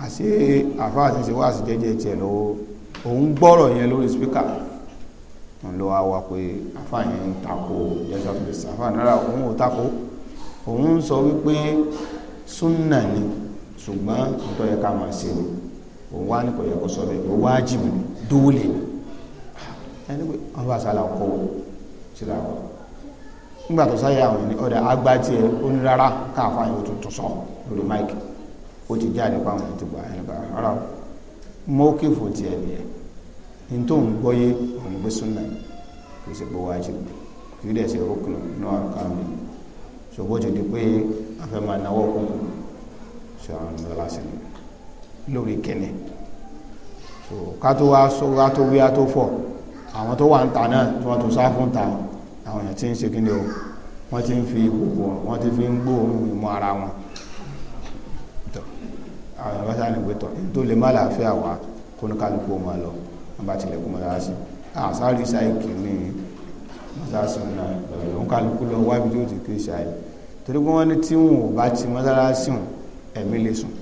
Speaker 1: àṣé àfa àti ṣe wáàsí jẹ́jẹ́ tiẹ̀ lọ́wọ́ òun gbọ́rọ̀ yẹn lórí spíkà ń lọ wá wá pé àfa yẹn ń tako yẹsọ tó sà àfa náírà òun ò tako òun sọ wípé súnà ni ṣùgbọ́n ìtọ́ yẹ ká máa ṣe ni òun wá ní kò yẹ kó sọ bẹ́ẹ̀ òun wá jìbù dóòlè ni ẹni pé wọn bá sálà kọ wọn síra wọn nígbà tó sáyà àwọn ọ̀dà agbátí ẹ onírárá káàfáà yóò tuntun sọ lórí máìkì ó ti jáde pa àwọn ìtìgbà ẹnìgbà ara mọ́kìfù ti ẹni ẹ̀ ní tó ń gbọ́yé òun gbé súnà kì í ṣe pé wájú kì í dẹ̀ ṣe rúkùnù náà àrùkárùn mi ṣùgbọ́n ó ti di pé afẹ́ máa náwó kún ṣe àwọn ọmọdé láti ní lórí kẹ́ni ká tó wá sọ ká tó wíyá tó fọ̀ àwọn tó wà ń ta náà tí wọ́n tó sá fún ta àwọn èèyàn ti ń ṣe kí ni o wọ́n ti ń fi ìkòkò wọ́n ti fi ń gbóòórùn ìmọ̀ ara wọn tọ àwọn yàrá sáà ní gbẹtọ tó lè má làáfíà wá kó ní kálukú ọmọ lọ wọn bá tilẹ̀ kó mọ́sáàsì àṣàrí sáìkì ní mọ́sáàsì náà lọ́wọ́ kálukú lọ wábi tó ti kí sáì torí pé wọ́n ní tí wọn ò bá ti mọ́sáàsì hùn ẹ̀mí lè sùn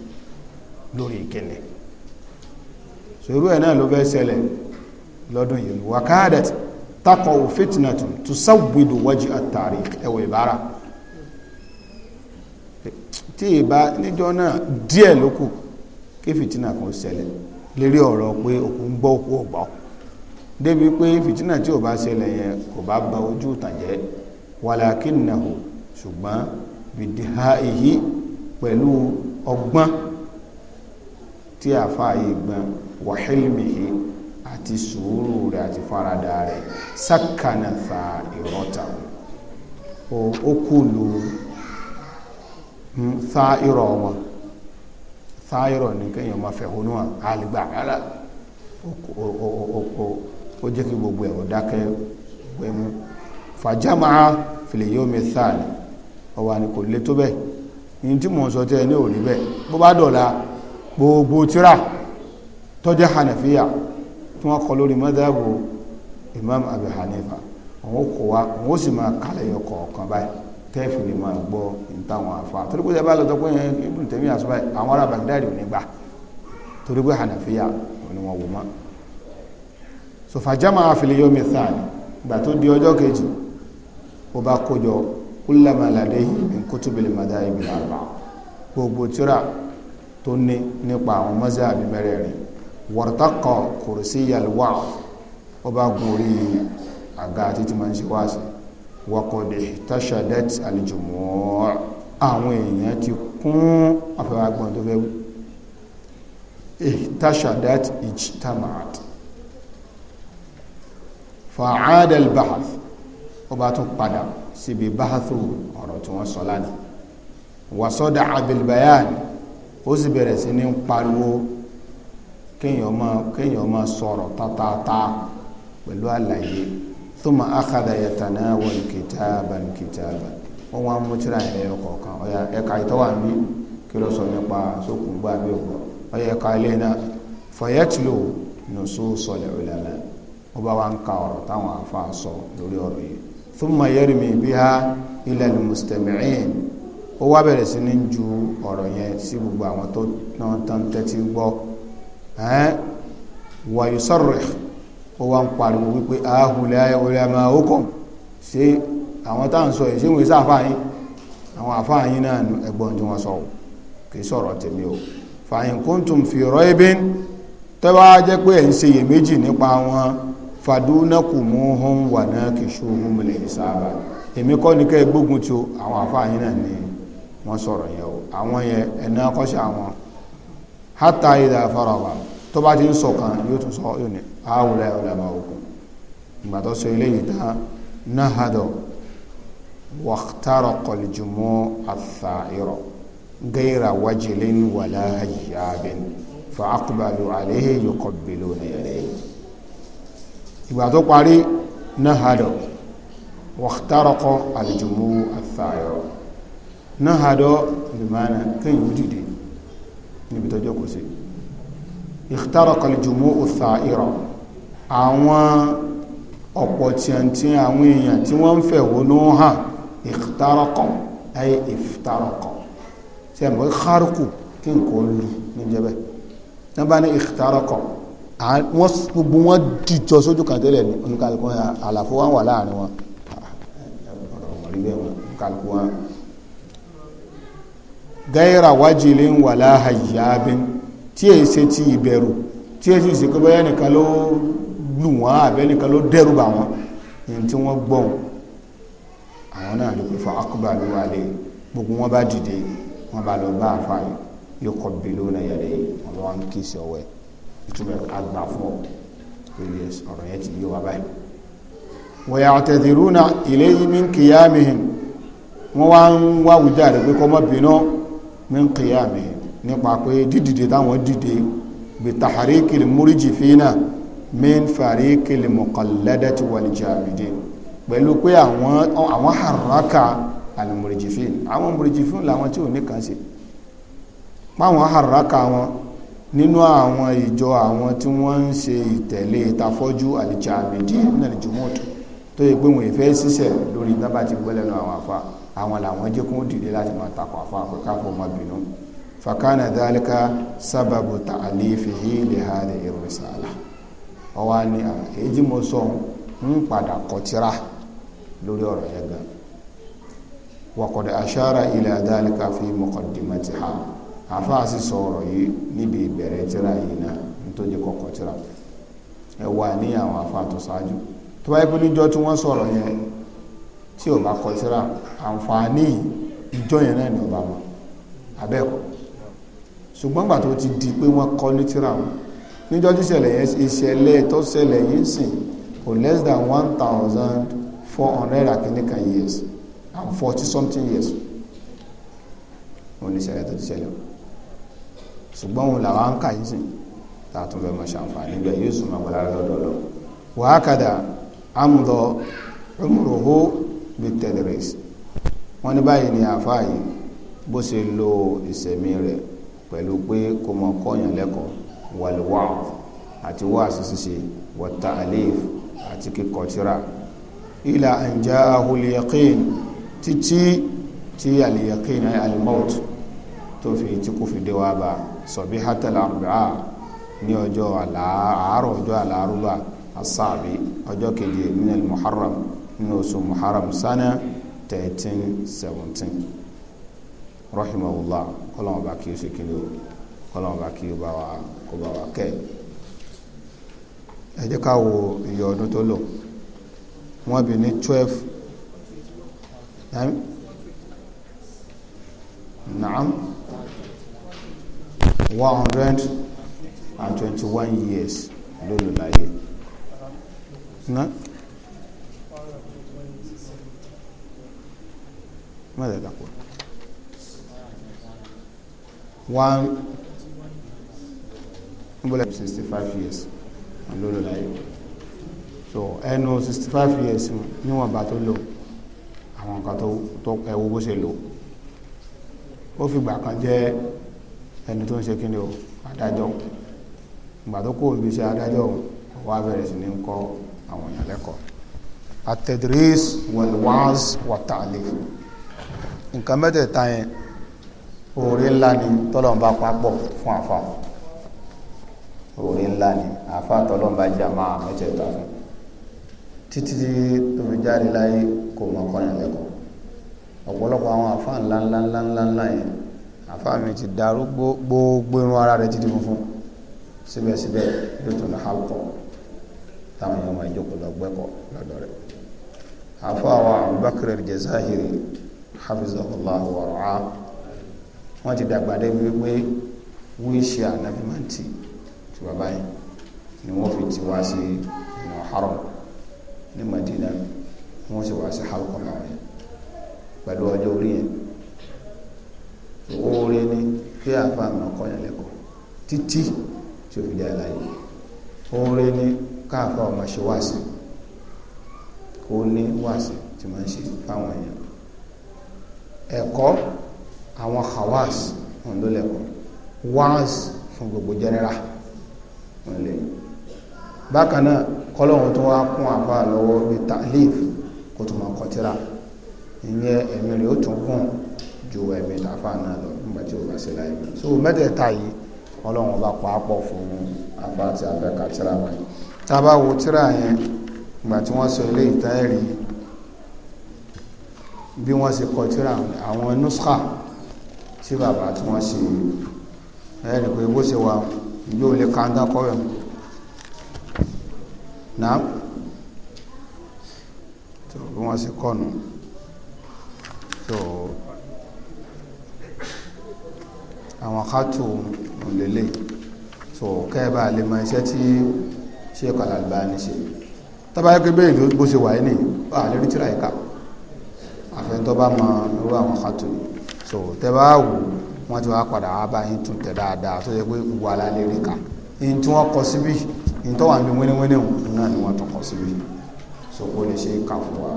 Speaker 1: lórí ìkẹlẹ̀ sòrú ẹ̀ náà ló fẹ́ ṣẹlẹ̀ lọ́dún yìí wàkàdàt takọ̀ fitnatun tusawwidu wajha at-tarikh ẹ̀wọ̀ ìbára tí ìbá níjọ́ náà díẹ̀ ló kù kí fìtínà kan ṣẹlẹ̀ lérí ọ̀rọ̀ pé òkú gbọ́ òkú ọ̀gbọ́ débi pé fìtínà tí ò bá ṣẹlẹ̀ yẹn kò bá ba ojú ìtànjẹ́ wàlákìnnàhù ṣùgbọ́n bìdìhà èyí pẹ̀lú ọgbọ́n tí a fa àyè gbọ́n àti fa ó sa irọ́ wọn sa irọ́ ní kéèyàn máa fẹ̀hónú àlìgbà rárá ó jẹ́ kí gbogbo ẹ̀rọ dákẹ́ gbẹmú fàjámà fìlè yóò mi sáà ni ọwà ni kò lè tó bẹ́ẹ̀ ní tí mò ń sọ tẹ́ ní òní bẹ́ẹ̀ bó bá dọ̀la gbogbo tíra tó jẹ́ tí wọ́n kọ lórí madhabu imam abi hanifa àwọn kò wá wọ́n sì máa kálẹ̀ yọ kọ̀ọ̀kan báyìí tẹ́ẹ̀fì lè máa gbọ́ ìtàwọn àfa torí pé ẹbá lọ́tọ́ pé eh, Ibn Taymiyyah àṣọ báyìí àwọn ará Baghdadi ò ní gbà torí pé Hanafiya ò ní wọn wò mọ́ so fàjámà àfilẹ̀ yóò mi sáàlì ìgbà tó di ọjọ́ kejì ó bá kójọ kullama ladayhi min kutubil madhahib gbogbo tíra tó ní nípa àwọn mazhabi mẹ́rẹ̀ẹ̀rin wartaqa kursiyyal wa'z ó bá gorí àga títí máa ń ṣe wáṣẹ́ wakọ̀dẹ̀ tashadet alijumọ́ àwọn èèyàn ti kún afẹ́wàgbọ́n tó fẹ́ wí tashadet ijtamaat fa'adal bahath ọba tún padà síbi bahathu ọ̀rọ̀ tí wọ́n sọ lánàá wasọ́dà abilbayan ó sì bẹ̀rẹ̀ sí ní pariwo kéèyàn máa sọ̀rọ̀ tátátá pẹ̀lú àlàyé ثم أخذ يتناول كتابا كتابا. wọ́n wá mú tíra ẹ̀yọ kọ̀ọ̀kan ọ̀yà ẹ̀ka ìtọ́wà ń bí kí ló sọ nípa sókùn gbà bí ògbọ́ ọ̀yà ẹ̀ka ilé náà fayatlu nususul ulama ó bá wá ń ka ọ̀rọ̀ táwọn afa sọ lórí ọ̀rọ̀ yìí thumma yarmi biha ilal mustami'in ó wá bẹ̀rẹ̀ sí ní ju ọ̀rọ̀ yẹn sí gbogbo àwọn tó tán tẹ́tí gbọ́ ó wá ń pariwo wípé ahùlẹ̀ ayẹwòlẹ̀ àmà ókùn ṣe àwọn táà ń sọ yìí ṣé wọ́n àwọn àfáàyín náà ẹgbọ́n tí wọ́n sọ kì sọ̀rọ̀ tèmi o fàyín kúntùm fi rọ ibi tẹ́wá jẹ́ pé ẹ̀ ń ṣe iyèméjì nípa wọn fàdúnàkù mú hún wà náà kì í ṣó hún mi lè sábà èmi kọ́ ni kẹ́ gbógun tí o àwọn àfáàyín náà ni wọ́n sọ̀rọ̀ yẹn o àwọn yẹn ẹ̀ná kọ́ṣẹ́ àwọn hátà ìdá afárọ̀ wà tó bá ti ń sọ̀kan yóò tún sọ yóò ní àwùlà ìwòlàbà òkun ìgbà tó sọ eléyìí tán nahadọ̀ wàhtàrọ̀ kọlìjùmọ́ àtàìrọ̀ gẹ́ra wájìlín wàlá hajjábin fa akùbàlù àléhè yóò bèlò nìyẹn ìgbà tó parí nahadọ̀ wàhtàrọ̀ kọ àlìjùmọ́ àtàìrọ̀ nahadọ̀ ìmánà kéyìn dìde níbi àwọn ọ̀pọ̀ tìǹtì àwọn èèyàn tí wọ́n ń fẹ̀hónú hàn ìfitárakọ̀ ayé ìfitárakọ̀ tí a mọ̀ kárùkù kí n kò lù níjẹ́bẹ̀ tí wọ́n bá ní ìfitárakọ̀ wọ́n gbogbo wọn dìjọ sójú kan tẹ́lẹ̀ ní oníkàlùkù àlàfo wọn wà láàrin wọn oníkàlùkù wọn gaira wajilin wala hayyabin tí èyí ṣe ti ìbẹ̀rù tí èyí sì kọ́ nìkan ló lù wọ́n àbẹ́nìkan ló dẹ́rù bà wọ́n ní tí wọ́n gbọ́n àwọn náà ló pè fún akọba ló wà lé gbogbo wọn bá dìde wọn bá lọ bá àfa yóò kọ bí ló náà yìí wọn bá wọn kí sí ọwọ́ ìtumọ̀ àgbà fún ọ ọ̀rọ̀ yẹn ti yé wa báyìí. wọ́n yà àtẹ̀dìrú na ilé yìí mi ń kìyà mìhìn wọ́n wá ń wá wùjá rẹ̀ pé kọ́mọ́ bínú mi ń kìyà mìhìn nípa pé dídìde táwọn dìde bìtàhárí kiri múríjì fínà min fariqil muqalladati wal jamidin pẹ̀lú pé àwọn àwọn haraka al-murjifin àwọn murjifin làwọn tí ò ní kan sí páwọn haraka wọn nínú àwọn ìjọ àwọn tí wọ́n ń ṣe ìtẹ̀lé ìtafọ́jú al-jamidin náà jùmọ̀tò tó yẹ pé wọn ìfẹ́ sísẹ̀ lórí bábá ti gbọ́ lẹ́nu àwọn àfa àwọn làwọn jẹ́ kún dìde láti máa takọ̀ àfa àkọ́kọ́ fún ọmọbìnrin fakana dhalika sababu ta'alifihi li hadhihi ọwọ́ ni èyí tí mo sọ ń padà kọtíra lórí ọ̀rọ̀ yẹn gan wọ̀kọ̀dẹ̀ aṣáára ila dhalika fi muqaddimatiha àfáà sì sọ ọ̀rọ̀ yìí níbi ìbẹ̀rẹ̀ tíra yìí náà nítorí kọ̀kọ̀ tíra ẹ wà ní àwọn àfáà tó ṣáájú tó bá yẹ pé níjọ́ tí wọ́n sọ̀rọ̀ yẹn tí ò bá kọ tíra àǹfààní ìjọ yẹn náà ni ọba mọ abẹ́ẹ̀kọ́ ṣùgbọ́n gbà tó ti di pé wọ́n kọ́ ní tíra wọn níjọ́ tí ìṣẹ̀lẹ̀ yẹn ìṣẹ̀lẹ̀ tó ṣẹlẹ̀ yìí sìn kò less than one thousand four hundred akínníkan years and forty something years òun ni ìṣẹ̀lẹ̀ tó ti ṣẹlẹ̀ ṣùgbọ́n òun làwọn ń kà yìí sìn tààtún fẹ́ máa ṣàǹfààní gbẹ yóò sùn máa gbọ́lára lọ́dọ̀ lọ wàhákàdà amúdọ̀ ọmọròhó bíi tẹ̀lẹ̀rẹ̀sì wọ́n ní báyìí ni àáfàá yìí bó ṣe lo ìṣẹ̀mí rẹ̀ pẹ̀lú pé kó mọ kọ́yàn lẹ́kọ̀ọ́ wàlúwà àti wáàsí ṣíṣe wàtà àlèf àti kíkọ tírà ilà àǹjá ahùlẹ̀yẹ̀kín títí tí àlẹ̀yẹ̀kín alimout tó fi tí kò fi déwà bá sọ̀bí hátàlá àrùbá ní ọjọ́ àárọ̀ ọjọ́ àlárúbá asáàbí ọjọ́ keje nínú muharram nínú oṣù muharram sana 1317 rahimahullah kọlọ́mọba kí o ṣe kí ni o bá wa kó bá wa kẹ́ ẹ jẹ́ ká wo iye ọdún tó lò wọ́n bí ní twelve naam one hundred and twenty one years ló lò láyé náà. ماذا تقول؟ 1 nbọ̀lẹ̀ sixty five years ló lò láyé so ẹnu sixty five years níwọ̀n bá tó lò àwọn nǹkan tó ẹwú bó ṣe lò ó fìgbà kan jẹ́ ẹni tó ń ṣe kí ni o adájọ́ ìgbà tó kó ibi iṣẹ́ adájọ́ ọwọ́ abẹ́rẹ́ sí ní ń kọ́ àwọn èèyàn lẹ́kọ̀ọ́ atẹ̀dírís wẹ̀lúwáns wàtàlẹ́ nǹkan mẹ́tẹ̀ẹ̀ta yẹn oore ńlá ni tọ́lọ́mbà papọ̀ fún àfàfọ́ orí ńlá ni àáfàá tọ́lọ́mbà jẹ́ àmọ́ àmọ́jẹ̀ta fún títí tó fi jáde láyé kò mọ̀ kọ́ni lẹ́kọ̀ọ́ ọ̀pọ̀lọpọ̀ àwọn àáfàá ńlá ńlá ńlá ńlá ńlá yẹn àáfàá mi ti dàrú gbogbo irun ara rẹ̀ títí funfun síbẹ̀síbẹ̀ yóò tún ní hálùkọ́ táwọn èèyàn máa jókòó lọ gbẹ́kọ̀ lọ́dọ̀ àáfàá wa Abubakar al-Jazahiri hafizahullah wa ti dàgbà ṣùgbọ́n báyìí ni wọ́n fi ti wá sí ìnà haram ní Madina wọ́n sì wá sí halkọ́ náà yẹn pẹ̀lú ọjọ́ orí yẹn owó orí ni kí àfa àmọ́ kọ́yàn lẹ́kọ̀ọ́ títí tí ó fi jẹ́ àlàyé owó orí ni káàfa ọmọ ṣe wáàsí kó ní wáàsí tí máa ń ṣe fáwọn èèyàn ẹ̀kọ́ àwọn khawas ọ̀hún wáàsí fún gbogbo general wọn lè bákan náà kọ́lọ́hún tó wá kún àfa lọ́wọ́ bíi tàlíf kó tó máa kọtíra ìyẹn ẹ̀mí rẹ̀ ó tún gùn ju ẹ̀mí tàfa náà lọ nígbà tí o bá sí láyé so mẹ́tẹ̀ẹ̀ta yìí kọ́lọ́hún bá pa á pọ̀ fún àfa àti abẹ́ka tíra wọn tá a bá wo tíra yẹn ìgbà tí wọ́n sọ ilé ìtàn ẹ̀rí bí wọ́n ṣe kọ tíra àwọn nuskha tí bàbá tí wọ́n ṣe ẹ̀rí pé bó ṣe wà wọn ìjọ lè ka dán kọ́ yẹn náà tó bí wọ́n sì kọ́ nù tó àwọn kátó òlélẹ̀ tó kẹ́ẹ̀bà lè mọ iṣẹ́ tí ṣe kàlàlùbá ní ṣe tọ́báyé pé bẹ́ẹ̀ ló bó ṣe wà ní àlérí tíra ìka àfẹ́ntọ́ bá mọ irú àwọn kátó so tẹ́ bá wù wọ́n ti wá padà wá bá yín tún tẹ̀ dáadáa tó yẹ pé wà lálẹ́ rí kan yín tí wọ́n kọ síbí yín tó wà ní wíníwíní náà ni wọ́n tún kọ síbí so kó lè ṣe kà fún wa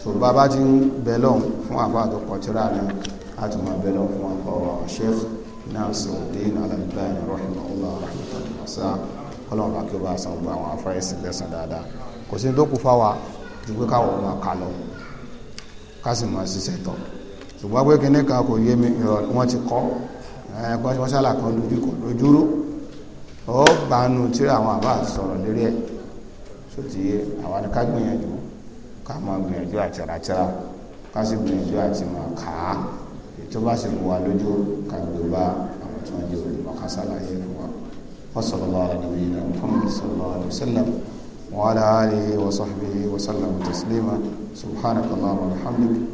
Speaker 1: so bàbá ti ń bẹ lọ́hùn fún àfa tó kọ tíra náà láti máa bẹ lọ́hùn fún àfa wa sheikh Nasiruddin Al-Albani rahimahullah rahmatullahi wasa kọ́lọ́n bá kí o bá san gbogbo àwọn afa ẹ̀sìn lẹ́sàn dáadáa kò sí ní tó kù fáwa ju pé káwọn máa kà lọ ká sì máa ṣiṣẹ́ tán ṣùgbọ́n pé kíní kan kò yé mi wọ́n ti kọ́ wọ́n sálà kan lójú kò lójúrú ó banu tí àwọn àbá sọ̀rọ̀ lérí ẹ̀ tó ti yé àwọn ni ká gbìyànjú ká máa gbìyànjú àti ràtìrà ká sì gbìyànjú àti máa kà á ètò bá sì wà lójú ká gbé bá àwọn tó ń jẹ olùmọ̀ ká sálàyé fún wa. sallallahu alaihi wa sallam wa ala alihi wa sahbihi wa sallam taslima subhanaka allahumma wa bihamdika